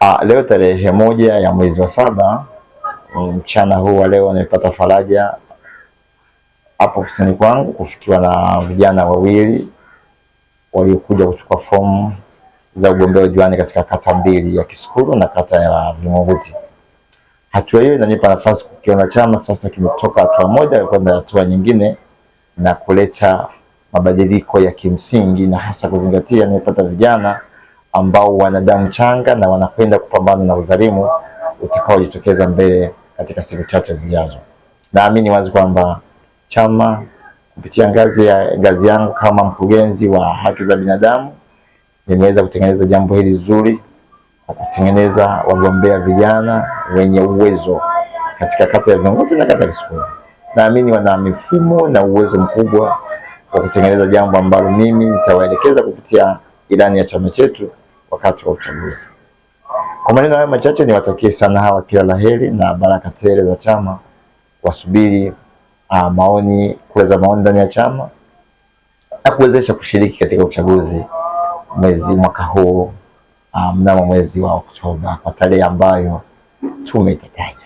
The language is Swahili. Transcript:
Ah, leo tarehe moja ya mwezi wa saba mm, mchana huu wa leo nimepata faraja hapo ofisini kwangu kufikiwa na vijana wawili waliokuja kuchukua fomu za ugombea udiwani katika kata mbili ya Kisukuru na kata ya Vingunguti. Hatua hiyo inanipa nafasi kukiona chama sasa kimetoka hatua moja kwenda hatua nyingine na kuleta mabadiliko ya kimsingi na hasa kuzingatia nimepata vijana ambao wana damu changa na wanakwenda kupambana na udhalimu utakaojitokeza mbele katika siku chache zijazo. Naamini wazi kwamba chama kupitia ngazi ya ngazi yangu kama mkurugenzi wa haki za binadamu nimeweza kutengeneza jambo hili zuri kwa kutengeneza wagombea vijana wenye uwezo katika kata ya Viongozi na kata ya Naamini wana mifumo na uwezo mkubwa wa kutengeneza jambo ambalo mimi nitawaelekeza kupitia ilani ya chama chetu wakati wa uchaguzi. Kwa maneno hayo machache, niwatakie sana hawa kila laheri na baraka tele za chama, wasubiri uh, maoni kura za maoni ndani ya chama na kuwezesha kushiriki katika uchaguzi mwezi mwaka huu uh, mnamo mwezi wa Oktoba kwa tarehe ambayo tumeitataja.